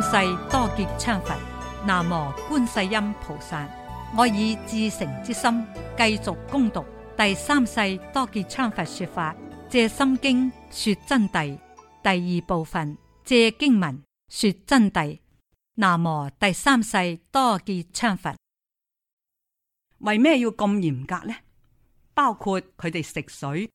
三世多杰羌佛，南無觀世音菩薩。我以至誠之心，繼續恭讀第三世多杰羌佛說法，借心經說真諦第二部分，借經文說真諦。南無第三世多杰羌佛。為咩要咁嚴格呢？包括佢哋食水，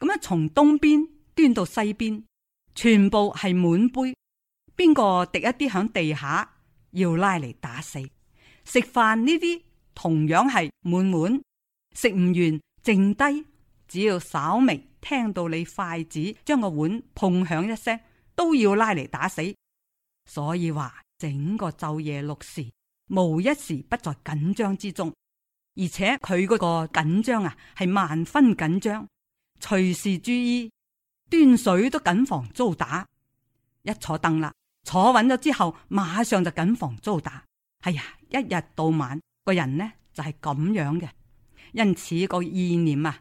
咁樣，從東邊端到西邊，全部係滿杯。邊個滴一啲響地下，要拉嚟打死。食飯呢啲同樣係滿碗，食唔完剩低，只要稍微聽到你筷子將個碗碰響一聲，都要拉嚟打死。所以話整個晝夜六時，無一時不在緊張之中，而且佢嗰個緊張啊，係萬分緊張，隨時注意端水都謹防遭打。一坐凳啦。坐穩咗之後，馬上就緊防遭打。係、哎、呀，一日到晚個人呢就係、是、咁樣嘅。因此個意念啊，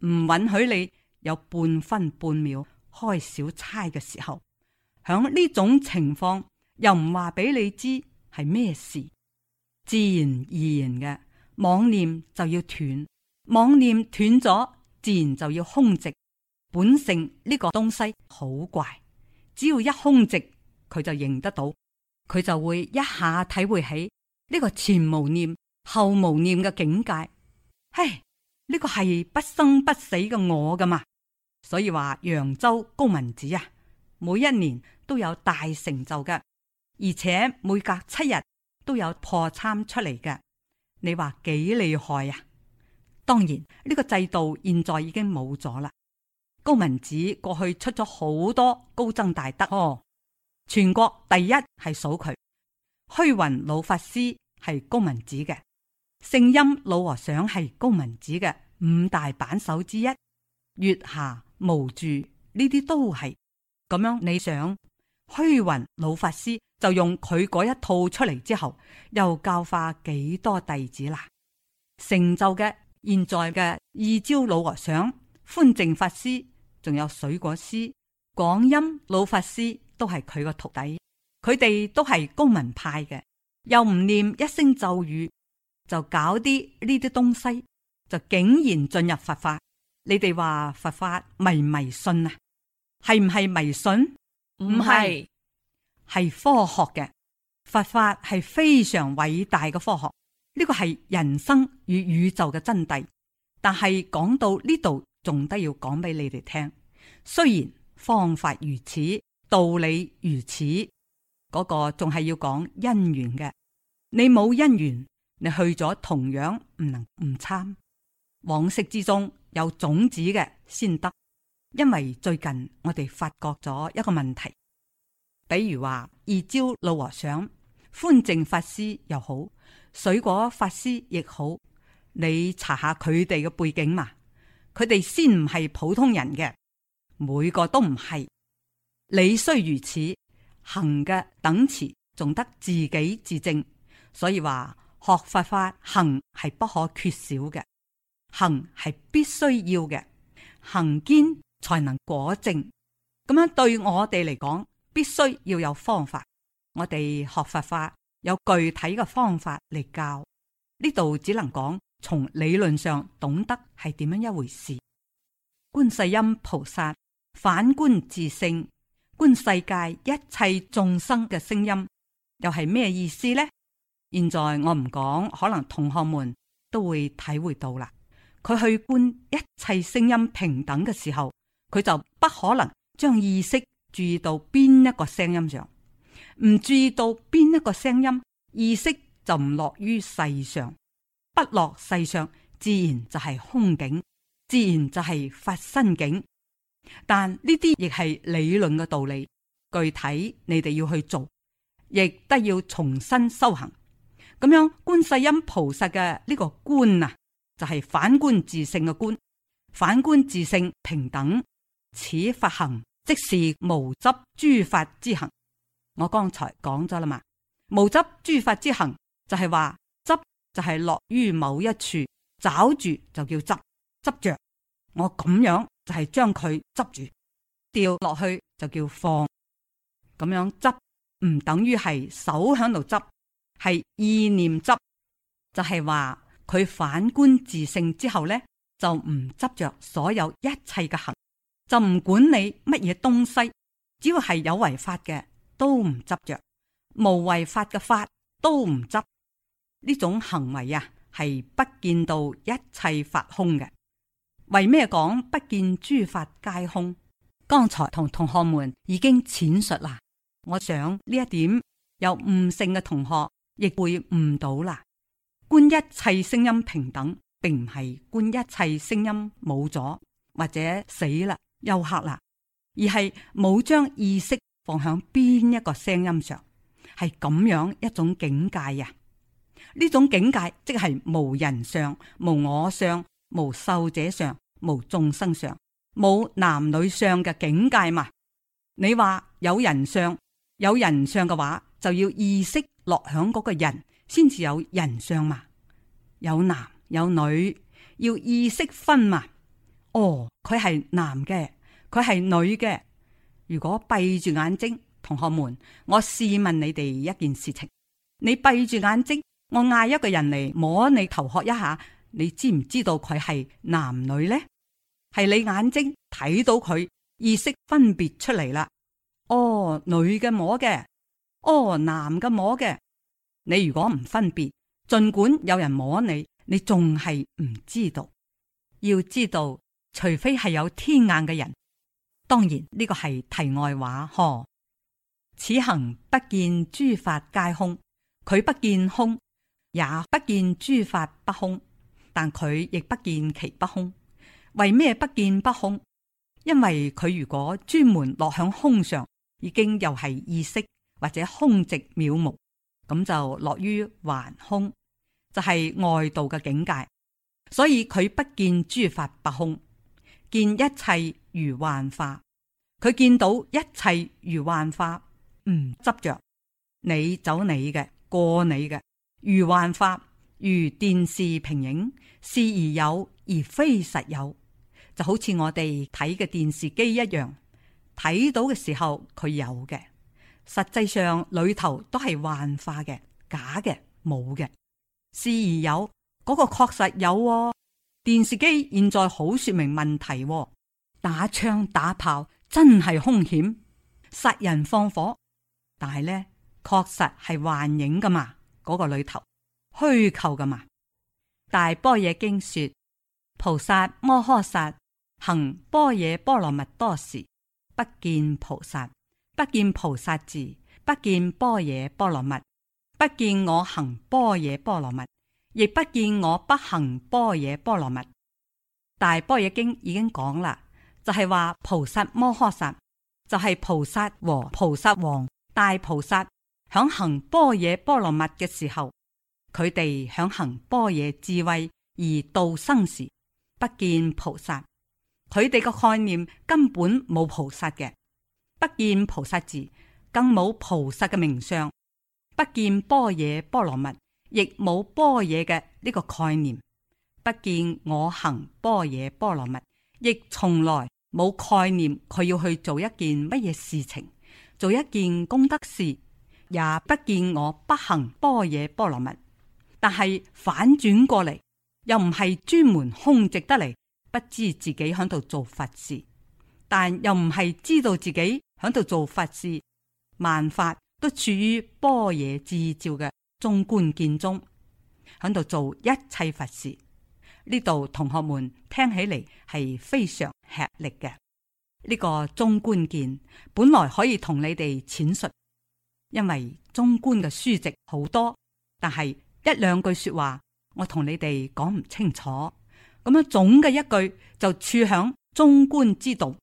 唔允許你有半分半秒開小差嘅時候。響呢種情況，又唔話俾你知係咩事，自然而然嘅妄念就要斷。妄念斷咗，自然就要空寂。本性呢個東西好怪，只要一空寂。佢就認得到，佢就會一下體會起呢、這個前無念後無念嘅境界。唉，呢、這個係不生不死嘅我噶嘛，所以話揚州高旻寺啊，每一年都有大成就嘅，而且每隔七日都有破參出嚟嘅。你話幾厲害呀？啊！當然呢、這個制度現在已經冇咗啦。高旻寺過去出咗好多高僧大德哦。全國第一係數佢，虛雲老法師係高旻寺嘅，聖音老和尚係高旻寺嘅五大板手之一，月下無住呢啲都係咁樣。你想虛雲老法師就用佢嗰一套出嚟之後，又教化幾多弟子啦？成就嘅現在嘅二招老和尚、寬淨法師，仲有水果師、廣音老法師。都係佢個徒弟，佢哋都係公民派嘅，又唔念一聲咒語就搞啲呢啲東西，就竟然進入佛法。你哋話佛法迷唔迷信啊？係唔係迷信？唔係，係科學嘅。佛法，係非常偉大嘅科學。呢個係人生與宇宙嘅真諦。但係講到呢度，仲得要講俾你哋聽。雖然方法如此。道理如此，嗰、那個仲係要講因緣嘅。你冇因緣，你去咗同樣唔能唔參。往昔之中有種子嘅先得，因為最近我哋發覺咗一個問題。比如話二招老和尚、寬淨法師又好，水果法師亦好，你查下佢哋嘅背景嘛？佢哋先唔係普通人嘅，每個都唔係。理雖如此，行嘅等次仲得自己自證，所以話學佛法行係不可缺少嘅，行係必須要嘅，行堅才能果證。咁樣對我哋嚟講，必須要有方法。我哋學佛法有具體嘅方法嚟教，呢度只能講從理論上懂得係點樣一回事。觀世音菩薩，反觀自性。觀世界一切眾生嘅聲音，又係咩意思呢？現在我唔講，可能同學們都會體會到啦。佢去觀一切聲音平等嘅時候，佢就不可能將意識注意到邊一個聲音上，唔注意到邊一個聲音，意識就唔落於世上，不落世上，自然就係空境，自然就係法身境。但呢啲亦係理論嘅道理，具體你哋要去做，亦都要重新修行。咁樣觀世音菩薩嘅呢個觀啊，就係、是、反觀自性嘅觀，反觀自性平等，此法行即是無執諸法之行。我剛才講咗啦嘛，無執諸法之行就係話執就係落於某一處，找住就叫執，執着。我咁樣。就係將佢執住掉落去就叫放，咁樣執唔等於係手喺度執，係意念執。就係話佢反觀自性之後呢，就唔執着所有一切嘅行，就唔管你乜嘢東西，只要係有違法嘅都唔執着，無違法嘅法都唔執。呢種行為啊，係不見到一切法空嘅。為咩講不見諸法皆空？剛才同同學們已經闡述啦。我想呢一點有悟性嘅同學亦會悟到啦。觀一切聲音平等，並唔係觀一切聲音冇咗或者死啦、休克啦，而係冇將意識放響邊一個聲音上，係咁樣一種境界呀。呢種境界即係無人相、無我相，無受者相，無眾生相，冇男女相嘅境界嘛？你話有人相，有人相嘅話，就要意識落響嗰個人，先至有人相嘛？有男有女，要意識分嘛？哦，佢係男嘅，佢係女嘅。如果閉住眼睛，同學們，我試問你哋一件事情：你閉住眼睛，我嗌一個人嚟摸你頭殼一下。你知唔知道佢係男女呢？係你眼睛睇到佢，意識分別出嚟啦。哦，女嘅摸嘅。哦，男嘅摸嘅。你如果唔分別，盡管有人摸你，你仲係唔知道。要知道，除非係有天眼嘅人。當然呢個係題外話。嗬，此行不見諸法皆空，佢不見空，也不見諸法不空。但佢亦不見其不空，為咩不見不空？因為佢如果專門落響空上，已經又係意識或者空寂渺無，咁就落於頑空，就係外道嘅境界。所以佢不見諸法不空，見一切如幻化。佢見到一切如幻化，唔執着，你走你嘅，過你嘅，如幻化。如電視屏影，是而有而非實有，就好似我哋睇嘅電視機一樣，睇到嘅時候佢有嘅，實際上裏頭都係幻化嘅、假嘅、冇嘅。是而有嗰個確實有喎。電視機，現在好說明問題喎。打槍打炮真係兇險，殺人放火，但係呢，確實係幻影噶嘛，嗰個裏頭。虛構噶嘛？大般若經說，菩薩摩訶薩行般若波羅蜜多時，不見菩薩，不見菩薩字，不見般若波羅蜜，不見我行般若波羅蜜，亦不見我不行般若波羅蜜。大般若經已經講啦，就係、是、話菩薩摩訶薩就係、是、菩薩和菩薩王大菩薩響行般若波羅蜜嘅時候。佢哋響行般若智慧而度生時，不見菩薩。佢哋個概念根本冇菩薩嘅，不見菩薩字，更冇菩薩嘅名相，不見般若波羅蜜，亦冇般若嘅呢個概念。不見我行般若波羅蜜，亦從來冇概念。佢要去做一件乜嘢事情，做一件功德事，也不見我不行般若波羅蜜。但係反轉過嚟，又唔係專門空寂得嚟，不知自己喺度做佛事，但又唔係知道自己喺度做佛事，萬法都處於般若智照嘅中觀見中，喺度做一切佛事。呢度同學們聽起嚟係非常吃力嘅。呢、這個中觀見本來可以同你哋淺述，因為中觀嘅書籍好多，但係。一兩句說話，我同你哋講唔清楚，咁樣總嘅一句就處響中觀之道，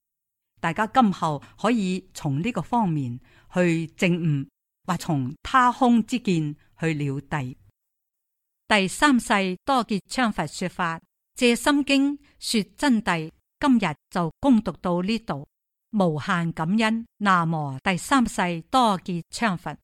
大家今後可以從呢個方面去證悟，或從他空之見去了解。第三世多杰羌佛說法，借心經說真諦，今日就恭誦到呢度，無限感恩。那麼第三世多杰羌佛。